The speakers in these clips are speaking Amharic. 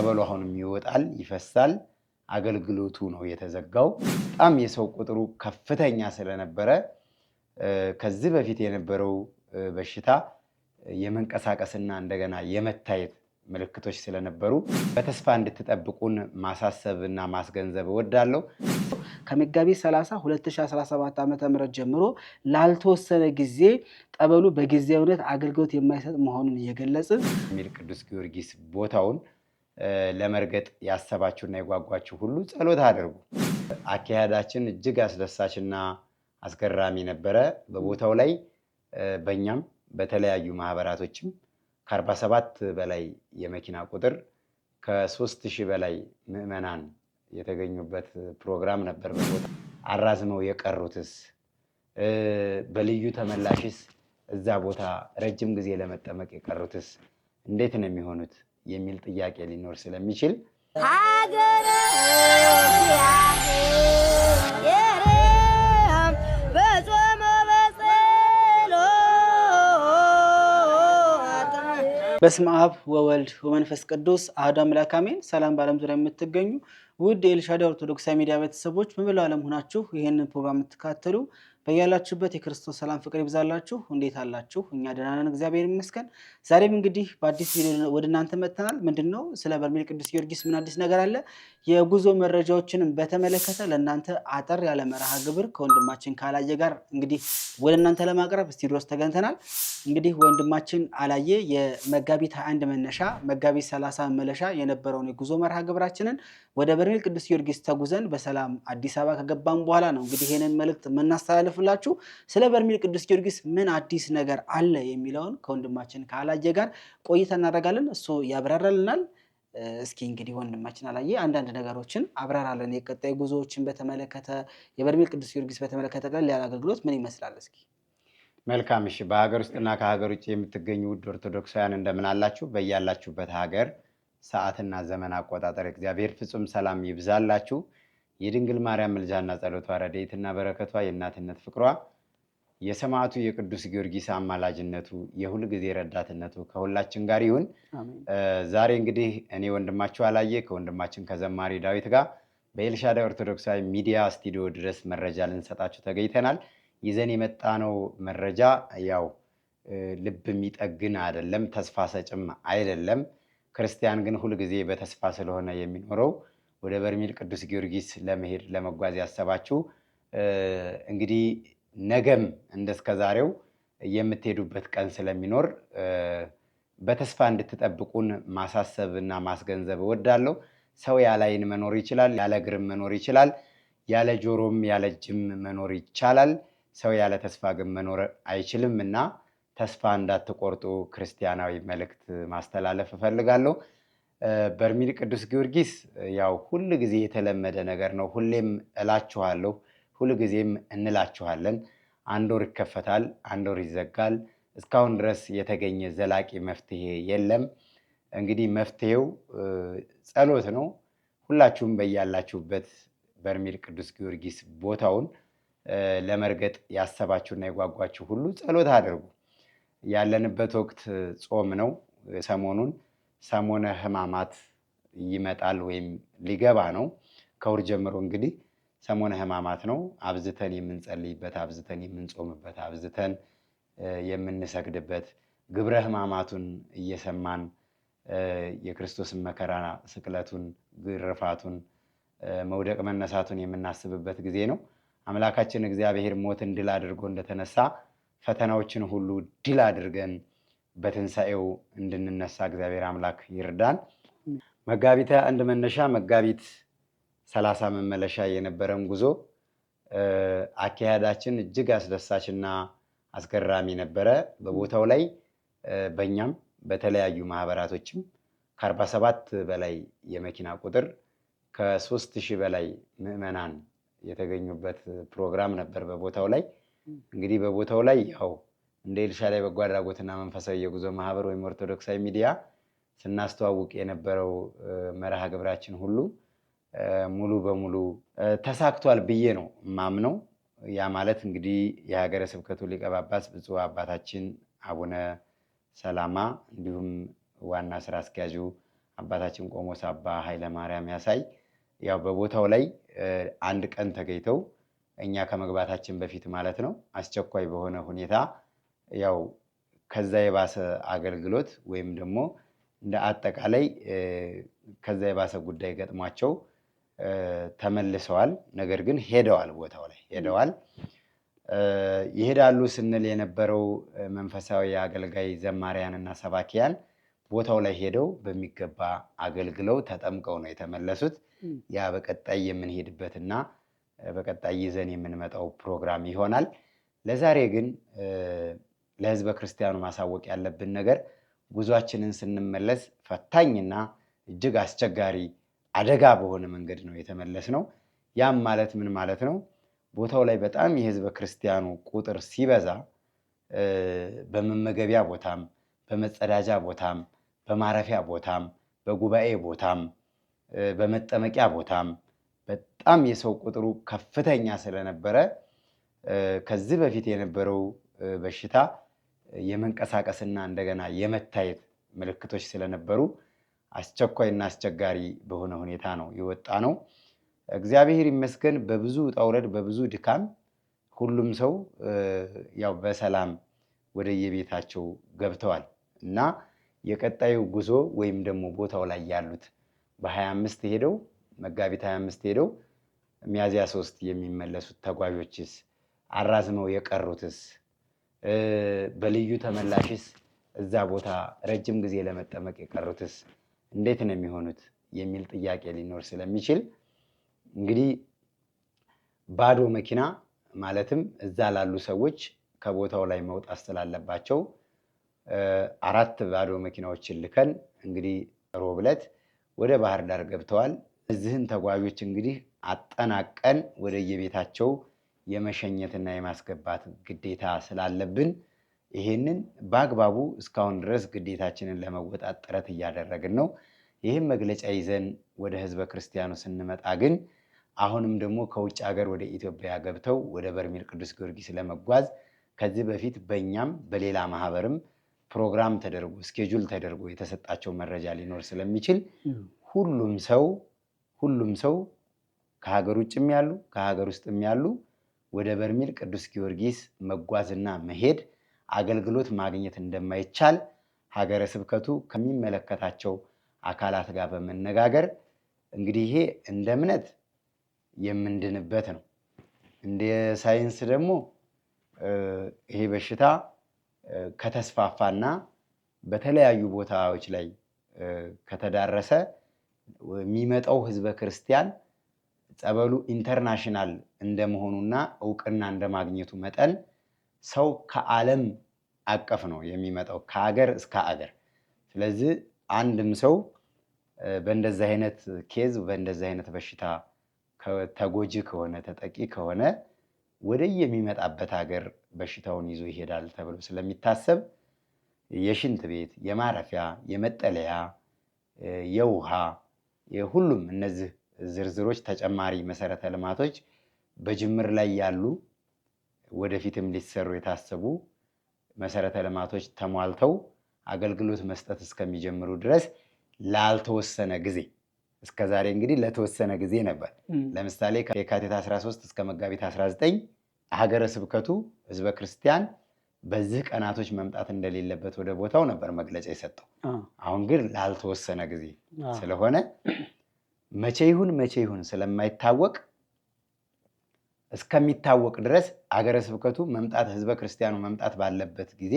ጸበሉ አሁንም ይወጣል ይፈሳል። አገልግሎቱ ነው የተዘጋው። በጣም የሰው ቁጥሩ ከፍተኛ ስለነበረ ከዚህ በፊት የነበረው በሽታ የመንቀሳቀስና እንደገና የመታየት ምልክቶች ስለነበሩ በተስፋ እንድትጠብቁን ማሳሰብና ማስገንዘብ እወዳለሁ። ከመጋቢት 30 2017 ዓ ም ጀምሮ ላልተወሰነ ጊዜ ጠበሉ በጊዜያዊነት አገልግሎት የማይሰጥ መሆኑን እየገለጽ የሚል ቅዱስ ጊዮርጊስ ቦታውን ለመርገጥ ያሰባችሁና የጓጓችሁ ሁሉ ጸሎት አድርጉ። አካሄዳችን እጅግ አስደሳችና አስገራሚ ነበረ። በቦታው ላይ በእኛም በተለያዩ ማህበራቶችም ከአርባ ሰባት በላይ የመኪና ቁጥር ከሶስት ሺህ በላይ ምዕመናን የተገኙበት ፕሮግራም ነበር። በቦታ አራዝመው የቀሩትስ በልዩ ተመላሽስ እዛ ቦታ ረጅም ጊዜ ለመጠመቅ የቀሩትስ እንዴት ነው የሚሆኑት? የሚል ጥያቄ ሊኖር ስለሚችል ሀገር በስመ አብ ወወልድ ወመንፈስ ቅዱስ አሐዱ አምላክ አሜን። ሰላም በዓለም ዙሪያ የምትገኙ ውድ የኤልሻዳይ ኦርቶዶክሳዊ ሚዲያ ቤተሰቦች በመላው ዓለም ሆናችሁ ይህንን ፕሮግራም የምትከታተሉ በያላችሁበት የክርስቶስ ሰላም ፍቅር ይብዛላችሁ። እንዴት አላችሁ? እኛ ደህና ነን፣ እግዚአብሔር ይመስገን። ዛሬም እንግዲህ በአዲስ ቪዲዮ ወደ እናንተ መጥተናል። ምንድን ነው ስለ በርሜል ቅዱስ ጊዮርጊስ ምን አዲስ ነገር አለ? የጉዞ መረጃዎችንም በተመለከተ ለእናንተ አጠር ያለ መርሃ ግብር ከወንድማችን ካላየ ጋር እንግዲህ ወደ እናንተ ለማቅረብ ስቱዲዮ ተገንተናል። ተገኝተናል። እንግዲህ ወንድማችን አላየ የመጋቢት 21 መነሻ መጋቢት 30 መመለሻ የነበረውን የጉዞ መርሃ ግብራችንን ወደ በርሜል ቅዱስ ጊዮርጊስ ተጉዘን በሰላም አዲስ አበባ ከገባም በኋላ ነው እንግዲህ ይህንን መልእክት የምናስተላልፍ ስንከፍላችሁ ስለ በርሜል ቅዱስ ጊዮርጊስ ምን አዲስ ነገር አለ የሚለውን ከወንድማችን ከአላየ ጋር ቆይታ እናደርጋለን። እሱ ያብራራልናል። እስኪ እንግዲህ ወንድማችን አላየ አንዳንድ ነገሮችን አብራራለን። የቀጣይ ጉዞዎችን በተመለከተ የበርሜል ቅዱስ ጊዮርጊስ በተመለከተ ቀን ያለ አገልግሎት ምን ይመስላል? እስኪ መልካም። እሺ፣ በሀገር ውስጥና ከሀገር ውጭ የምትገኙ ውድ ኦርቶዶክሳውያን እንደምን አላችሁ? በያላችሁበት ሀገር ሰዓትና ዘመን አቆጣጠር እግዚአብሔር ፍጹም ሰላም ይብዛላችሁ። የድንግል ማርያም ምልጃና ጸሎቷ ረድኤትና በረከቷ የእናትነት ፍቅሯ የሰማዕቱ የቅዱስ ጊዮርጊስ አማላጅነቱ የሁል ጊዜ ረዳትነቱ ከሁላችን ጋር ይሁን። ዛሬ እንግዲህ እኔ ወንድማችሁ አላየ ከወንድማችን ከዘማሪ ዳዊት ጋር በኤልሻዳይ ኦርቶዶክሳዊ ሚዲያ ስቱዲዮ ድረስ መረጃ ልንሰጣችሁ ተገኝተናል። ይዘን የመጣነው መረጃ ያው ልብ የሚጠግን አይደለም፣ ተስፋ ሰጭም አይደለም። ክርስቲያን ግን ሁልጊዜ በተስፋ ስለሆነ የሚኖረው ወደ በርሜል ቅዱስ ጊዮርጊስ ለመሄድ ለመጓዝ ያሰባችሁ እንግዲህ ነገም እንደስከዛሬው የምትሄዱበት ቀን ስለሚኖር በተስፋ እንድትጠብቁን ማሳሰብ እና ማስገንዘብ እወዳለሁ። ሰው ያለ ዓይን መኖር ይችላል፣ ያለ እግርም መኖር ይችላል፣ ያለ ጆሮም ያለ እጅም መኖር ይቻላል። ሰው ያለ ተስፋ ግን መኖር አይችልም እና ተስፋ እንዳትቆርጡ ክርስቲያናዊ መልእክት ማስተላለፍ እፈልጋለሁ። በርሚል ቅዱስ ጊዮርጊስ ያው ሁል ጊዜ የተለመደ ነገር ነው። ሁሌም እላችኋለሁ፣ ሁል ጊዜም እንላችኋለን። አንድ ወር ይከፈታል፣ አንድ ወር ይዘጋል። እስካሁን ድረስ የተገኘ ዘላቂ መፍትሄ የለም። እንግዲህ መፍትሄው ጸሎት ነው። ሁላችሁም በያላችሁበት በርሚል ቅዱስ ጊዮርጊስ ቦታውን ለመርገጥ ያሰባችሁና የጓጓችሁ ሁሉ ጸሎት አድርጉ። ያለንበት ወቅት ጾም ነው ሰሞኑን ሰሞነ ህማማት ይመጣል ወይም ሊገባ ነው። ከውር ጀምሮ እንግዲህ ሰሞነ ህማማት ነው። አብዝተን የምንጸልይበት፣ አብዝተን የምንጾምበት፣ አብዝተን የምንሰግድበት ግብረ ህማማቱን እየሰማን የክርስቶስን መከራ ስቅለቱን፣ ግርፋቱን፣ መውደቅ መነሳቱን የምናስብበት ጊዜ ነው። አምላካችን እግዚአብሔር ሞትን ድል አድርጎ እንደተነሳ ፈተናዎችን ሁሉ ድል አድርገን በትንሣኤው እንድንነሳ እግዚአብሔር አምላክ ይርዳን። መጋቢት አንድ መነሻ መጋቢት ሰላሳ መመለሻ የነበረን ጉዞ አካሄዳችን እጅግ አስደሳችና አስገራሚ ነበረ። በቦታው ላይ በእኛም በተለያዩ ማህበራቶችም ከአርባ ሰባት በላይ የመኪና ቁጥር ከሶስት ሺህ በላይ ምዕመናን የተገኙበት ፕሮግራም ነበር። በቦታው ላይ እንግዲህ በቦታው ላይ ያው እንደ ኤልሻዳይ በጎ አድራጎትና መንፈሳዊ የጉዞ ማህበር ወይም ኦርቶዶክሳዊ ሚዲያ ስናስተዋውቅ የነበረው መርሃ ግብራችን ሁሉ ሙሉ በሙሉ ተሳክቷል ብዬ ነው ማምነው። ያ ማለት እንግዲህ የሀገረ ስብከቱ ሊቀ ጳጳስ ብፁዕ አባታችን አቡነ ሰላማ እንዲሁም ዋና ስራ አስኪያጁ አባታችን ቆሞስ አባ ኃይለ ማርያም ያሳይ ያው በቦታው ላይ አንድ ቀን ተገኝተው እኛ ከመግባታችን በፊት ማለት ነው አስቸኳይ በሆነ ሁኔታ ያው ከዛ የባሰ አገልግሎት ወይም ደግሞ እንደ አጠቃላይ ከዛ የባሰ ጉዳይ ገጥሟቸው ተመልሰዋል። ነገር ግን ሄደዋል፣ ቦታው ላይ ሄደዋል። ይሄዳሉ ስንል የነበረው መንፈሳዊ አገልጋይ እና ሰባኪያን ቦታው ላይ ሄደው በሚገባ አገልግለው ተጠምቀው ነው የተመለሱት። ያ በቀጣይ የምንሄድበትና በቀጣይ ይዘን የምንመጣው ፕሮግራም ይሆናል። ለዛሬ ግን ለህዝበ ክርስቲያኑ ማሳወቅ ያለብን ነገር ጉዟችንን ስንመለስ ፈታኝና እጅግ አስቸጋሪ አደጋ በሆነ መንገድ ነው የተመለስ ነው። ያም ማለት ምን ማለት ነው? ቦታው ላይ በጣም የህዝበ ክርስቲያኑ ቁጥር ሲበዛ በመመገቢያ ቦታም፣ በመጸዳጃ ቦታም፣ በማረፊያ ቦታም፣ በጉባኤ ቦታም፣ በመጠመቂያ ቦታም በጣም የሰው ቁጥሩ ከፍተኛ ስለነበረ ከዚህ በፊት የነበረው በሽታ የመንቀሳቀስና እንደገና የመታየት ምልክቶች ስለነበሩ አስቸኳይና አስቸጋሪ በሆነ ሁኔታ ነው የወጣ ነው። እግዚአብሔር ይመስገን በብዙ ጣውረድ በብዙ ድካም ሁሉም ሰው ያው በሰላም ወደየቤታቸው ገብተዋል እና የቀጣዩ ጉዞ ወይም ደግሞ ቦታው ላይ ያሉት በ25 ሄደው መጋቢት 25 ሄደው ሚያዝያ ሶስት የሚመለሱት ተጓዦችስ አራዝመው የቀሩትስ በልዩ ተመላሽስ እዛ ቦታ ረጅም ጊዜ ለመጠመቅ የቀሩትስ እንዴት ነው የሚሆኑት የሚል ጥያቄ ሊኖር ስለሚችል እንግዲህ ባዶ መኪና ማለትም እዛ ላሉ ሰዎች ከቦታው ላይ መውጣት ስላለባቸው አራት ባዶ መኪናዎችን ልከን እንግዲህ ሮብ ዕለት ወደ ባህር ዳር ገብተዋል። እዚህን ተጓዦች እንግዲህ አጠናቀን ወደየቤታቸው የመሸኘትና የማስገባት ግዴታ ስላለብን ይህንን በአግባቡ እስካሁን ድረስ ግዴታችንን ለመወጣት ጥረት እያደረግን ነው። ይህም መግለጫ ይዘን ወደ ህዝበ ክርስቲያኑ ስንመጣ ግን አሁንም ደግሞ ከውጭ ሀገር ወደ ኢትዮጵያ ገብተው ወደ በርሜል ቅዱስ ጊዮርጊስ ለመጓዝ ከዚህ በፊት በእኛም በሌላ ማህበርም ፕሮግራም ተደርጎ ስኬጁል ተደርጎ የተሰጣቸው መረጃ ሊኖር ስለሚችል ሁሉም ሰው ሁሉም ሰው ከሀገር ውጭም ያሉ ከሀገር ውስጥም ያሉ ወደ በርሜል ቅዱስ ጊዮርጊስ መጓዝና መሄድ አገልግሎት ማግኘት እንደማይቻል ሀገረ ስብከቱ ከሚመለከታቸው አካላት ጋር በመነጋገር እንግዲህ ይሄ እንደ እምነት የምንድንበት ነው። እንደ ሳይንስ ደግሞ ይሄ በሽታ ከተስፋፋና በተለያዩ ቦታዎች ላይ ከተዳረሰ የሚመጣው ህዝበ ክርስቲያን ጸበሉ ኢንተርናሽናል እንደመሆኑና እውቅና እንደማግኘቱ መጠን ሰው ከዓለም አቀፍ ነው የሚመጣው ከአገር እስከ አገር። ስለዚህ አንድም ሰው በእንደዚህ አይነት ኬዝ በእንደዚህ አይነት በሽታ ተጎጂ ከሆነ ተጠቂ ከሆነ ወደ የሚመጣበት ሀገር በሽታውን ይዞ ይሄዳል ተብሎ ስለሚታሰብ የሽንት ቤት፣ የማረፊያ፣ የመጠለያ፣ የውሃ ሁሉም እነዚህ ዝርዝሮች፣ ተጨማሪ መሰረተ ልማቶች በጅምር ላይ ያሉ ወደፊትም ሊሰሩ የታሰቡ መሰረተ ልማቶች ተሟልተው አገልግሎት መስጠት እስከሚጀምሩ ድረስ ላልተወሰነ ጊዜ እስከ ዛሬ እንግዲህ ለተወሰነ ጊዜ ነበር። ለምሳሌ ከየካቲት 13 እስከ መጋቢት 19 ሀገረ ስብከቱ ህዝበ ክርስቲያን በዚህ ቀናቶች መምጣት እንደሌለበት ወደ ቦታው ነበር መግለጫ የሰጠው። አሁን ግን ላልተወሰነ ጊዜ ስለሆነ መቼ ይሁን መቼ ይሁን ስለማይታወቅ እስከሚታወቅ ድረስ አገረ ስብከቱ መምጣት ህዝበ ክርስቲያኑ መምጣት ባለበት ጊዜ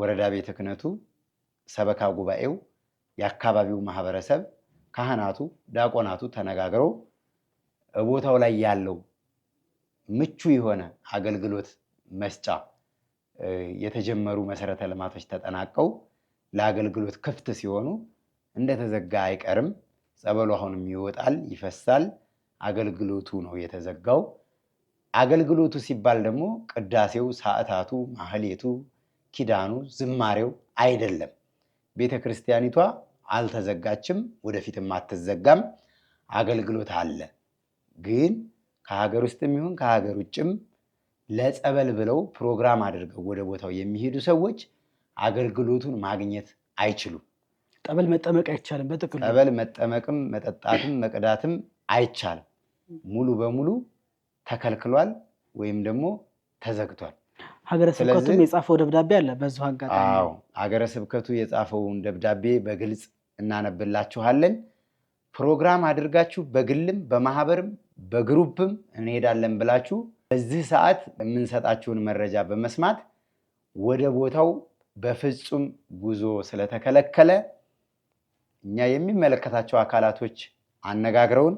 ወረዳ ቤተ ክህነቱ፣ ሰበካ ጉባኤው፣ የአካባቢው ማህበረሰብ፣ ካህናቱ፣ ዲያቆናቱ ተነጋግረው ቦታው ላይ ያለው ምቹ የሆነ አገልግሎት መስጫ የተጀመሩ መሰረተ ልማቶች ተጠናቀው ለአገልግሎት ክፍት ሲሆኑ እንደተዘጋ አይቀርም። ጸበሉ አሁንም ይወጣል፣ ይፈሳል። አገልግሎቱ ነው የተዘጋው። አገልግሎቱ ሲባል ደግሞ ቅዳሴው፣ ሰዓታቱ፣ ማህሌቱ፣ ኪዳኑ፣ ዝማሬው አይደለም። ቤተ ክርስቲያኒቷ አልተዘጋችም፣ ወደፊትም አትዘጋም። አገልግሎት አለ። ግን ከሀገር ውስጥም ይሁን ከሀገር ውጭም ለጸበል ብለው ፕሮግራም አድርገው ወደ ቦታው የሚሄዱ ሰዎች አገልግሎቱን ማግኘት አይችሉም። ጠበል መጠመቅ አይቻልም። በጥቅሉ ጠበል መጠመቅም መጠጣትም መቅዳትም አይቻልም። ሙሉ በሙሉ ተከልክሏል ወይም ደግሞ ተዘግቷል። ሀገረ ስብከቱም የጻፈው ደብዳቤ አለ። በዙ አጋጣሚ ሀገረ ስብከቱ የጻፈውን ደብዳቤ በግልጽ እናነብላችኋለን። ፕሮግራም አድርጋችሁ በግልም በማህበርም በግሩፕም እንሄዳለን ብላችሁ በዚህ ሰዓት የምንሰጣችሁን መረጃ በመስማት ወደ ቦታው በፍጹም ጉዞ ስለተከለከለ እኛ የሚመለከታቸው አካላቶች አነጋግረውን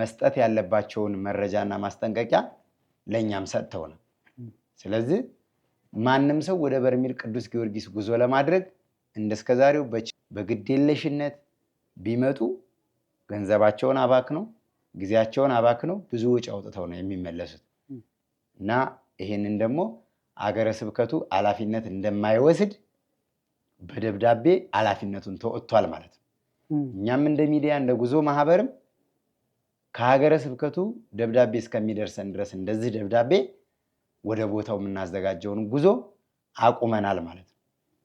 መስጠት ያለባቸውን መረጃና ማስጠንቀቂያ ለእኛም ነው። ስለዚህ ማንም ሰው ወደ በርሜል ቅዱስ ጊዮርጊስ ጉዞ ለማድረግ እንደስከዛሬው በግዴለሽነት ቢመጡ ገንዘባቸውን አባክነው ጊዜያቸውን አባክነው ብዙ ውጭ አውጥተው ነው የሚመለሱት እና ይህንን ደግሞ አገረ ስብከቱ ኃላፊነት እንደማይወስድ በደብዳቤ ኃላፊነቱን ተወጥቷል ማለት ነው። እኛም እንደ ሚዲያ እንደ ጉዞ ማህበርም ከሀገረ ስብከቱ ደብዳቤ እስከሚደርሰን ድረስ እንደዚህ ደብዳቤ ወደ ቦታው የምናዘጋጀውን ጉዞ አቁመናል ማለት ነው።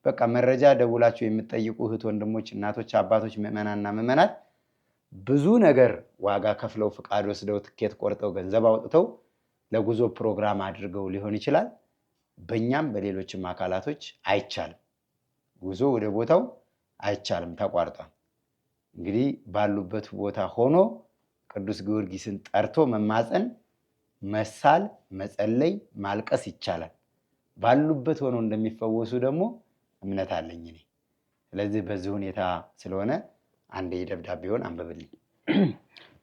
በቃ መረጃ ደውላችሁ የምትጠይቁ እህት ወንድሞች፣ እናቶች፣ አባቶች፣ ምእመናና ምዕመናት ብዙ ነገር ዋጋ ከፍለው ፍቃድ ወስደው ትኬት ቆርጠው ገንዘብ አውጥተው ለጉዞ ፕሮግራም አድርገው ሊሆን ይችላል። በእኛም በሌሎችም አካላቶች አይቻልም፣ ጉዞ ወደ ቦታው አይቻልም፣ ተቋርጧል። እንግዲህ ባሉበት ቦታ ሆኖ ቅዱስ ጊዮርጊስን ጠርቶ መማፀን፣ መሳል፣ መጸለይ፣ ማልቀስ ይቻላል። ባሉበት ሆኖ እንደሚፈወሱ ደግሞ እምነት አለኝ እኔ። ስለዚህ በዚህ ሁኔታ ስለሆነ አንድ የደብዳቤውን አንብብልኝ።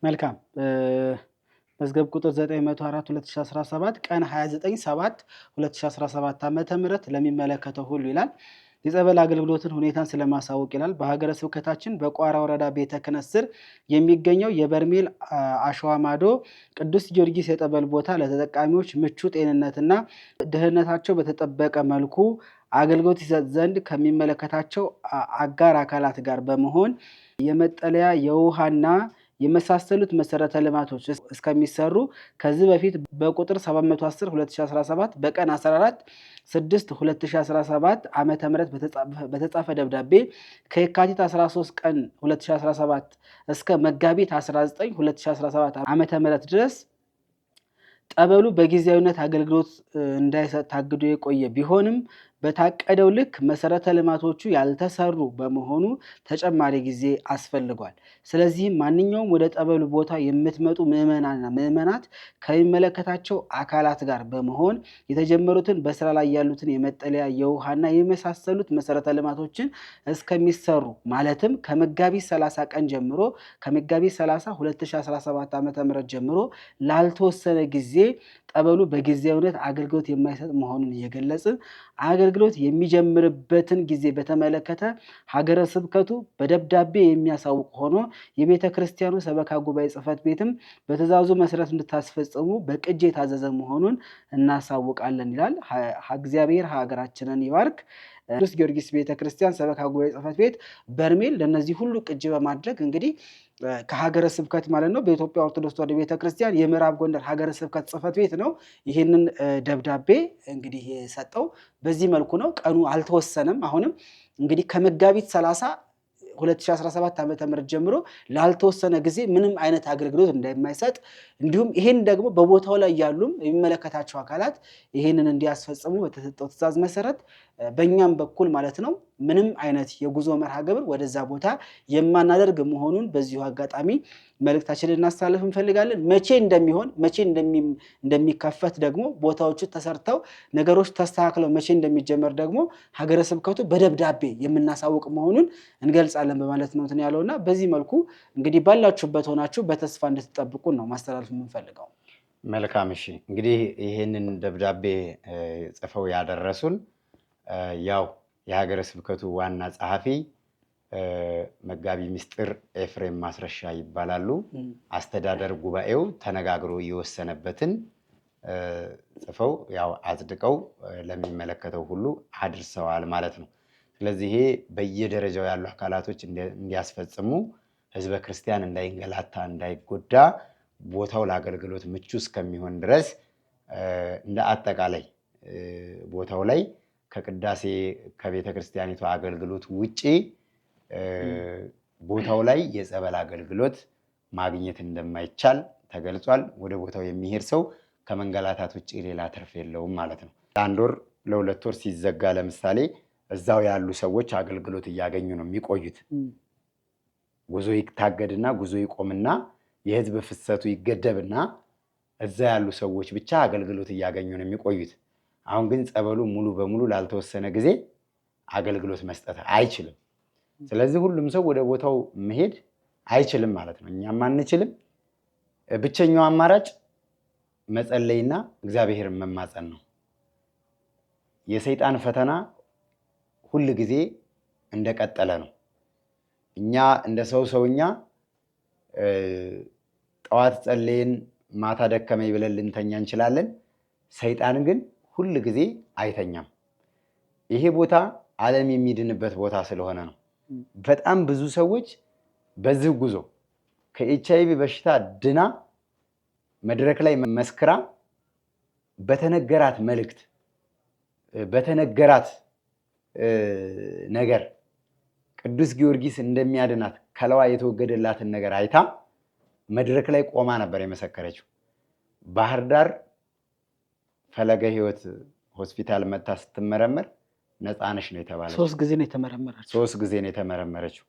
መልካም መዝገብ ቁጥር 904/2017 ቀን 29/7/2017 ዓ.ም ለሚመለከተው ሁሉ ይላል የጸበል አገልግሎትን ሁኔታን ስለማሳወቅ ይላል። በሀገረ ስብከታችን በቋራ ወረዳ ቤተ ክህነት ስር የሚገኘው የበርሜል አሸዋ ማዶ ቅዱስ ጊዮርጊስ የጸበል ቦታ ለተጠቃሚዎች ምቹ ጤንነትና ደህንነታቸው በተጠበቀ መልኩ አገልግሎት ይሰጥ ዘንድ ከሚመለከታቸው አጋር አካላት ጋር በመሆን የመጠለያ የውሃና የመሳሰሉት መሰረተ ልማቶች እስከሚሰሩ ከዚህ በፊት በቁጥር 710 2017 በቀን 14 6 2017 ዓ ም በተጻፈ ደብዳቤ ከየካቲት 13 ቀን 2017 እስከ መጋቢት 19 2017 ዓ ም ድረስ ጠበሉ በጊዜያዊነት አገልግሎት እንዳይሰጥ ታግዶ የቆየ ቢሆንም በታቀደው ልክ መሰረተ ልማቶቹ ያልተሰሩ በመሆኑ ተጨማሪ ጊዜ አስፈልጓል። ስለዚህም ማንኛውም ወደ ጠበሉ ቦታ የምትመጡ ምዕመናንና ምዕመናት ከሚመለከታቸው አካላት ጋር በመሆን የተጀመሩትን በስራ ላይ ያሉትን የመጠለያ የውሃና የመሳሰሉት መሰረተ ልማቶችን እስከሚሰሩ ማለትም ከመጋቢት 30 ቀን ጀምሮ ከመጋቢት 30 2017 ም ጀምሮ ላልተወሰነ ጊዜ ጠበሉ በጊዜያዊነት አገልግሎት የማይሰጥ መሆኑን እየገለጽ አገልግሎት የሚጀምርበትን ጊዜ በተመለከተ ሀገረ ስብከቱ በደብዳቤ የሚያሳውቅ ሆኖ የቤተ ክርስቲያኑ ሰበካ ጉባኤ ጽሕፈት ቤትም በትእዛዙ መሰረት እንድታስፈጽሙ በቅጅ የታዘዘ መሆኑን እናሳውቃለን ይላል። እግዚአብሔር ሀገራችንን ይባርክ። ቅዱስ ጊዮርጊስ ቤተክርስቲያን ሰበካ ጉባኤ ጽሕፈት ቤት በርሜል ለእነዚህ ሁሉ ቅጅ በማድረግ እንግዲህ ከሀገረ ስብከት ማለት ነው በኢትዮጵያ ኦርቶዶክስ ተዋሕዶ ቤተክርስቲያን የምዕራብ ጎንደር ሀገረ ስብከት ጽሕፈት ቤት ነው ይህንን ደብዳቤ እንግዲህ የሰጠው በዚህ መልኩ ነው። ቀኑ አልተወሰነም። አሁንም እንግዲህ ከመጋቢት 30 2017 ም ጀምሮ ላልተወሰነ ጊዜ ምንም አይነት አገልግሎት እንደማይሰጥ እንዲሁም ይህን ደግሞ በቦታው ላይ ያሉም የሚመለከታቸው አካላት ይህንን እንዲያስፈጽሙ በተሰጠው ትእዛዝ መሰረት በእኛም በኩል ማለት ነው ምንም አይነት የጉዞ መርሃ ግብር ወደዛ ቦታ የማናደርግ መሆኑን በዚሁ አጋጣሚ መልእክታችን ልናስተላልፍ እንፈልጋለን። መቼ እንደሚሆን መቼ እንደሚከፈት ደግሞ ቦታዎቹ ተሰርተው ነገሮች ተስተካክለው መቼ እንደሚጀመር ደግሞ ሀገረ ስብከቱ በደብዳቤ የምናሳውቅ መሆኑን እንገልጻለን በማለት ነው እንትን ያለው እና በዚህ መልኩ እንግዲህ ባላችሁበት ሆናችሁ በተስፋ እንድትጠብቁን ነው ማስተላልፍ የምንፈልገው። መልካም። እሺ እንግዲህ ይህንን ደብዳቤ ጽፈው ያደረሱን ያው የሀገረ ስብከቱ ዋና ጸሐፊ መጋቢ ምስጢር ኤፍሬም ማስረሻ ይባላሉ። አስተዳደር ጉባኤው ተነጋግሮ የወሰነበትን ጽፈው ያው አጽድቀው ለሚመለከተው ሁሉ አድርሰዋል ማለት ነው። ስለዚህ ይሄ በየደረጃው ያሉ አካላቶች እንዲያስፈጽሙ ህዝበ ክርስቲያን እንዳይንገላታ፣ እንዳይጎዳ ቦታው ለአገልግሎት ምቹ እስከሚሆን ድረስ እንደ አጠቃላይ ቦታው ላይ ከቅዳሴ ከቤተ ክርስቲያኒቱ አገልግሎት ውጪ ቦታው ላይ የጸበል አገልግሎት ማግኘት እንደማይቻል ተገልጿል። ወደ ቦታው የሚሄድ ሰው ከመንገላታት ውጭ ሌላ ትርፍ የለውም ማለት ነው። ለአንድ ወር ለሁለት ወር ሲዘጋ ለምሳሌ እዛው ያሉ ሰዎች አገልግሎት እያገኙ ነው የሚቆዩት። ጉዞ ይታገድና ጉዞ ይቆምና የህዝብ ፍሰቱ ይገደብና እዛ ያሉ ሰዎች ብቻ አገልግሎት እያገኙ ነው የሚቆዩት። አሁን ግን ጸበሉ ሙሉ በሙሉ ላልተወሰነ ጊዜ አገልግሎት መስጠት አይችልም። ስለዚህ ሁሉም ሰው ወደ ቦታው መሄድ አይችልም ማለት ነው። እኛም አንችልም። ብቸኛው አማራጭ መጸለይና እግዚአብሔርን መማፀን ነው። የሰይጣን ፈተና ሁል ጊዜ እንደቀጠለ ነው። እኛ እንደ ሰው ሰውኛ ጠዋት ጸለይን ማታ ደከመኝ ብለን ልንተኛ እንችላለን። ሰይጣን ግን ሁል ጊዜ አይተኛም። ይሄ ቦታ ዓለም የሚድንበት ቦታ ስለሆነ ነው። በጣም ብዙ ሰዎች በዚህ ጉዞ ከኤች አይቪ በሽታ ድና መድረክ ላይ መስክራ በተነገራት መልእክት በተነገራት ነገር ቅዱስ ጊዮርጊስ እንደሚያድናት ከለዋ የተወገደላትን ነገር አይታ መድረክ ላይ ቆማ ነበር የመሰከረችው ባህር ዳር ፈለገ ህይወት ሆስፒታል መታ ስትመረመር ነፃነሽ ነው የተባለ። ሶስት ጊዜ ነው የተመረመረችው። ሶስት ጊዜ ነው የተመረመረችው።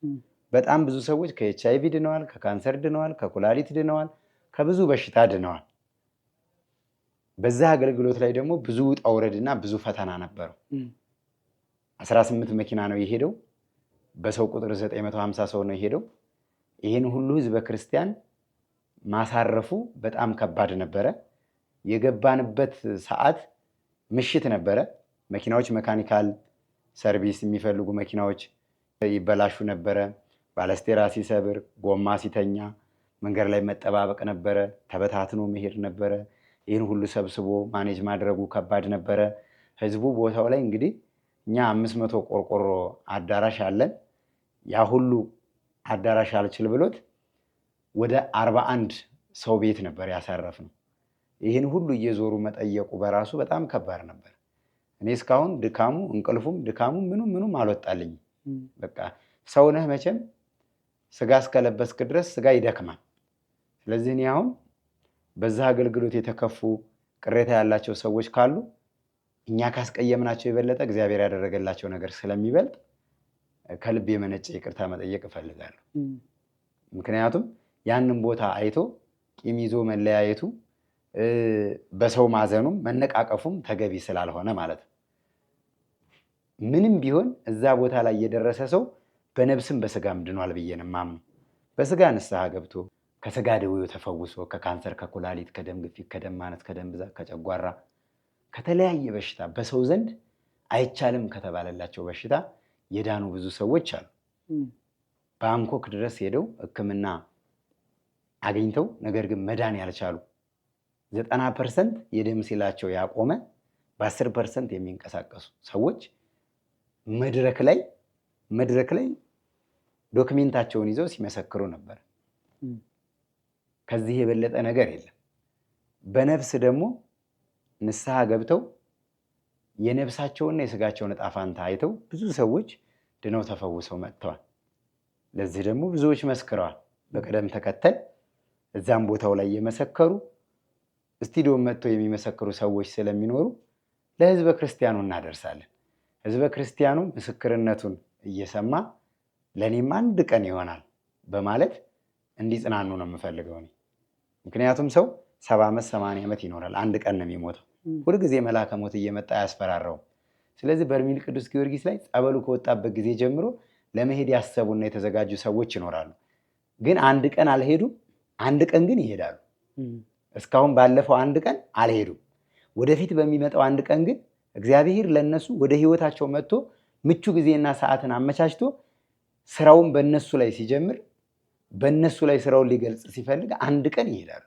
በጣም ብዙ ሰዎች ከኤች አይቪ ድነዋል፣ ከካንሰር ድነዋል፣ ከኩላሊት ድነዋል፣ ከብዙ በሽታ ድነዋል። በዛ አገልግሎት ላይ ደግሞ ብዙ ውጣ ውረድና ብዙ ፈተና ነበረው። 18 መኪና ነው የሄደው። በሰው ቁጥር ሀምሳ ሰው ነው የሄደው። ይህን ሁሉ ህዝበ ክርስቲያን ማሳረፉ በጣም ከባድ ነበረ። የገባንበት ሰዓት ምሽት ነበረ። መኪናዎች መካኒካል ሰርቪስ የሚፈልጉ መኪናዎች ይበላሹ ነበረ። ባለስቴራ ሲሰብር፣ ጎማ ሲተኛ፣ መንገድ ላይ መጠባበቅ ነበረ። ተበታትኖ መሄድ ነበረ። ይህን ሁሉ ሰብስቦ ማኔጅ ማድረጉ ከባድ ነበረ። ህዝቡ ቦታው ላይ እንግዲህ እኛ አምስት መቶ ቆርቆሮ አዳራሽ አለን። ያ ሁሉ አዳራሽ አልችል ብሎት ወደ አርባ አንድ ሰው ቤት ነበር ያሳረፍ ነው። ይህን ሁሉ እየዞሩ መጠየቁ በራሱ በጣም ከባድ ነበር። እኔ እስካሁን ድካሙ እንቅልፉም ድካሙ ምኑም ምኑም አልወጣልኝ። በቃ ሰውነህ መቼም ስጋ እስከለበስክ ድረስ ስጋ ይደክማል። ስለዚህ እኔ አሁን በዛ አገልግሎት የተከፉ ቅሬታ ያላቸው ሰዎች ካሉ እኛ ካስቀየምናቸው የበለጠ እግዚአብሔር ያደረገላቸው ነገር ስለሚበልጥ ከልብ የመነጨ ይቅርታ መጠየቅ እፈልጋለሁ። ምክንያቱም ያንን ቦታ አይቶ ቂም ይዞ መለያየቱ በሰው ማዘኑም መነቃቀፉም ተገቢ ስላልሆነ ማለት ነው። ምንም ቢሆን እዛ ቦታ ላይ የደረሰ ሰው በነብስም በስጋም ድኗል ብዬ ነው የማምነው። በስጋ ንስሐ ገብቶ ከስጋ ደዌው ተፈውሶ ከካንሰር፣ ከኩላሊት፣ ከደም ግፊት፣ ከደም ማነት፣ ከደም ብዛት፣ ከጨጓራ፣ ከተለያየ በሽታ በሰው ዘንድ አይቻልም ከተባለላቸው በሽታ የዳኑ ብዙ ሰዎች አሉ። ባንኮክ ድረስ ሄደው ሕክምና አግኝተው ነገር ግን መዳን ያልቻሉ ዘጠና ፐርሰንት የደም ሴላቸው ያቆመ በአስር ፐርሰንት የሚንቀሳቀሱ ሰዎች መድረክ ላይ መድረክ ላይ ዶክሜንታቸውን ይዘው ሲመሰክሩ ነበር። ከዚህ የበለጠ ነገር የለም። በነፍስ ደግሞ ንስሐ ገብተው የነፍሳቸውና የስጋቸውን ዕጣ ፋንታ አይተው ብዙ ሰዎች ድነው ተፈውሰው መጥተዋል። ለዚህ ደግሞ ብዙዎች መስክረዋል በቅደም ተከተል እዛም ቦታው ላይ የመሰከሩ ስቱዲዮ መጥተው የሚመሰክሩ ሰዎች ስለሚኖሩ ለህዝበ ክርስቲያኑ እናደርሳለን። ህዝበ ክርስቲያኑ ምስክርነቱን እየሰማ ለእኔም አንድ ቀን ይሆናል በማለት እንዲጽናኑ ነው የምፈልገው እኔ። ምክንያቱም ሰው ሰባ ዓመት ሰማንያ ዓመት ይኖራል፣ አንድ ቀን ነው የሚሞተው። ሁልጊዜ መልአከ ሞት እየመጣ አያስፈራራውም። ስለዚህ በርሜል ቅዱስ ጊዮርጊስ ላይ ጸበሉ ከወጣበት ጊዜ ጀምሮ ለመሄድ ያሰቡና የተዘጋጁ ሰዎች ይኖራሉ። ግን አንድ ቀን አልሄዱም፣ አንድ ቀን ግን ይሄዳሉ። እስካሁን ባለፈው አንድ ቀን አልሄዱም። ወደፊት በሚመጣው አንድ ቀን ግን እግዚአብሔር ለነሱ ወደ ህይወታቸው መጥቶ ምቹ ጊዜና ሰዓትን አመቻችቶ ስራውን በነሱ ላይ ሲጀምር በእነሱ ላይ ስራውን ሊገልጽ ሲፈልግ አንድ ቀን ይሄዳሉ።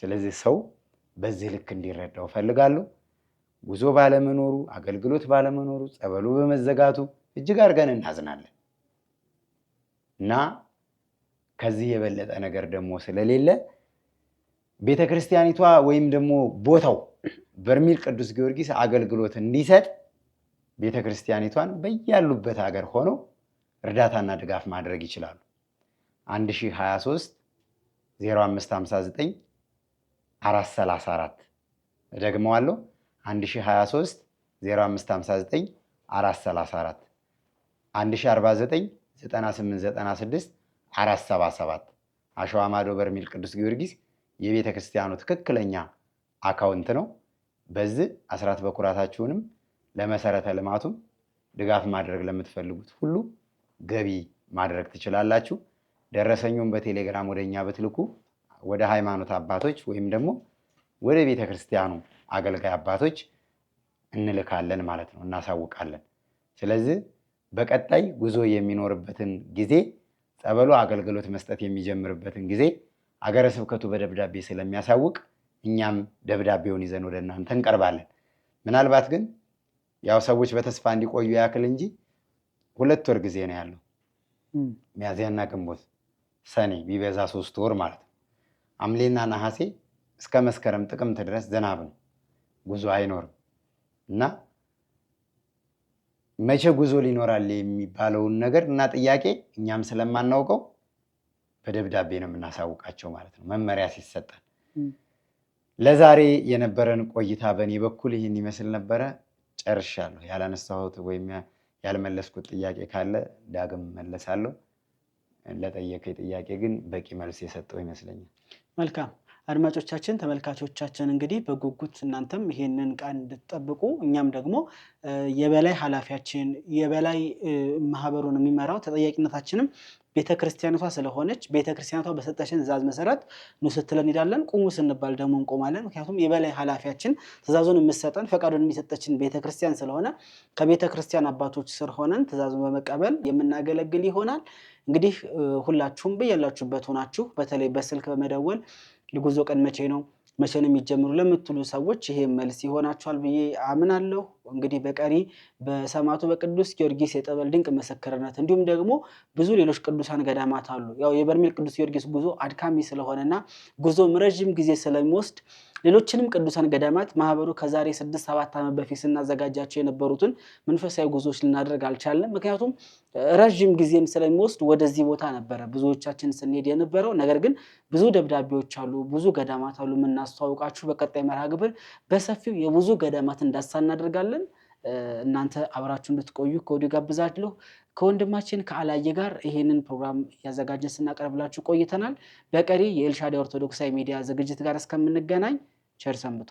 ስለዚህ ሰው በዚህ ልክ እንዲረዳው እፈልጋለሁ። ጉዞ ባለመኖሩ፣ አገልግሎት ባለመኖሩ፣ ጸበሉ በመዘጋቱ እጅግ አድርገን እናዝናለን እና ከዚህ የበለጠ ነገር ደግሞ ስለሌለ ቤተ ክርስቲያኒቷ ወይም ደግሞ ቦታው በርሜል ቅዱስ ጊዮርጊስ አገልግሎት እንዲሰጥ ቤተ ክርስቲያኒቷን በያሉበት ሀገር ሆነው እርዳታና ድጋፍ ማድረግ ይችላሉ። 1023 0559 434 እደግመዋለሁ። 1023 0559 434 1049 9896 477 አሸዋ ማዶ በርሜል ቅዱስ ጊዮርጊስ የቤተ ክርስቲያኑ ትክክለኛ አካውንት ነው። በዚህ አስራት በኩራታችሁንም ለመሰረተ ልማቱም ድጋፍ ማድረግ ለምትፈልጉት ሁሉ ገቢ ማድረግ ትችላላችሁ። ደረሰኙን በቴሌግራም ወደ እኛ ብትልኩ ወደ ሃይማኖት አባቶች ወይም ደግሞ ወደ ቤተ ክርስቲያኑ አገልጋይ አባቶች እንልካለን ማለት ነው፣ እናሳውቃለን። ስለዚህ በቀጣይ ጉዞ የሚኖርበትን ጊዜ ጸበሉ አገልግሎት መስጠት የሚጀምርበትን ጊዜ አገረ ስብከቱ በደብዳቤ ስለሚያሳውቅ እኛም ደብዳቤውን ይዘን ወደ እናንተ እንቀርባለን። ምናልባት ግን ያው ሰዎች በተስፋ እንዲቆዩ ያክል እንጂ ሁለት ወር ጊዜ ነው ያለው። ሚያዝያና ግንቦት፣ ሰኔ ቢበዛ ሶስት ወር ማለት ነው። ሐምሌና ነሐሴ እስከ መስከረም ጥቅምት ድረስ ዝናብ ነው፣ ጉዞ አይኖርም እና መቼ ጉዞ ሊኖራል የሚባለውን ነገር እና ጥያቄ እኛም ስለማናውቀው በደብዳቤ ነው የምናሳውቃቸው ማለት ነው፣ መመሪያ ሲሰጠን። ለዛሬ የነበረን ቆይታ በእኔ በኩል ይህን ይመስል ነበረ። ጨርሻለሁ። ያላነሳሁት ወይም ያልመለስኩት ጥያቄ ካለ ዳግም መለሳለሁ። ለጠየቀኝ ጥያቄ ግን በቂ መልስ የሰጠው ይመስለኛል። መልካም አድማጮቻችን፣ ተመልካቾቻችን እንግዲህ በጉጉት እናንተም ይሄንን ቃል እንድትጠብቁ እኛም ደግሞ የበላይ ኃላፊያችን የበላይ ማህበሩን የሚመራው ተጠያቂነታችንም ቤተ ስለሆነች ቤተ በሰጠችን ትእዛዝ መሰረት ኑ ስትለን እንሄዳለን፣ ቁሙ ስንባል ደግሞ እንቆማለን። ምክንያቱም የበላይ ኃላፊያችን ትእዛዙን የምሰጠን ፈቃዱን የሚሰጠችን ቤተ ክርስቲያን ስለሆነ ከቤተ ክርስቲያን አባቶች ስር ሆነን ትእዛዙን በመቀበል የምናገለግል ይሆናል። እንግዲህ ሁላችሁም በያላችሁበት ሆናችሁ በተለይ በስልክ በመደወል የጉዞ ቀን መቼ ነው መቼ ነው የሚጀምሩ ለምትሉ ሰዎች ይሄ መልስ ይሆናችኋል ብዬ አምናለሁ። እንግዲህ በቀሪ በሰማዕቱ በቅዱስ ጊዮርጊስ የጠበል ድንቅ ምስክርነት እንዲሁም ደግሞ ብዙ ሌሎች ቅዱሳን ገዳማት አሉ። ያው የበርሜል ቅዱስ ጊዮርጊስ ጉዞ አድካሚ ስለሆነና ጉዞም ረዥም ጊዜ ስለሚወስድ ሌሎችንም ቅዱሳን ገዳማት ማህበሩ ከዛሬ ስድስት ሰባት ዓመት በፊት ስናዘጋጃቸው የነበሩትን መንፈሳዊ ጉዞዎች ልናደርግ አልቻለም። ምክንያቱም ረዥም ጊዜም ስለሚወስድ ወደዚህ ቦታ ነበረ ብዙዎቻችን ስንሄድ የነበረው። ነገር ግን ብዙ ደብዳቤዎች አሉ፣ ብዙ ገዳማት አሉ የምናስተዋውቃችሁ። በቀጣይ መርሃ ግብር በሰፊው የብዙ ገዳማት እንዳሳ እናደርጋለን። እናንተ አብራችሁ እንድትቆዩ ከወዲሁ ጋብዛለሁ። ከወንድማችን ከአላየ ጋር ይህንን ፕሮግራም ያዘጋጀን ስናቀርብላችሁ ቆይተናል። በቀሪ የኤልሻዳይ ኦርቶዶክሳዊ ሚዲያ ዝግጅት ጋር እስከምንገናኝ ቸር ሰንብቱ።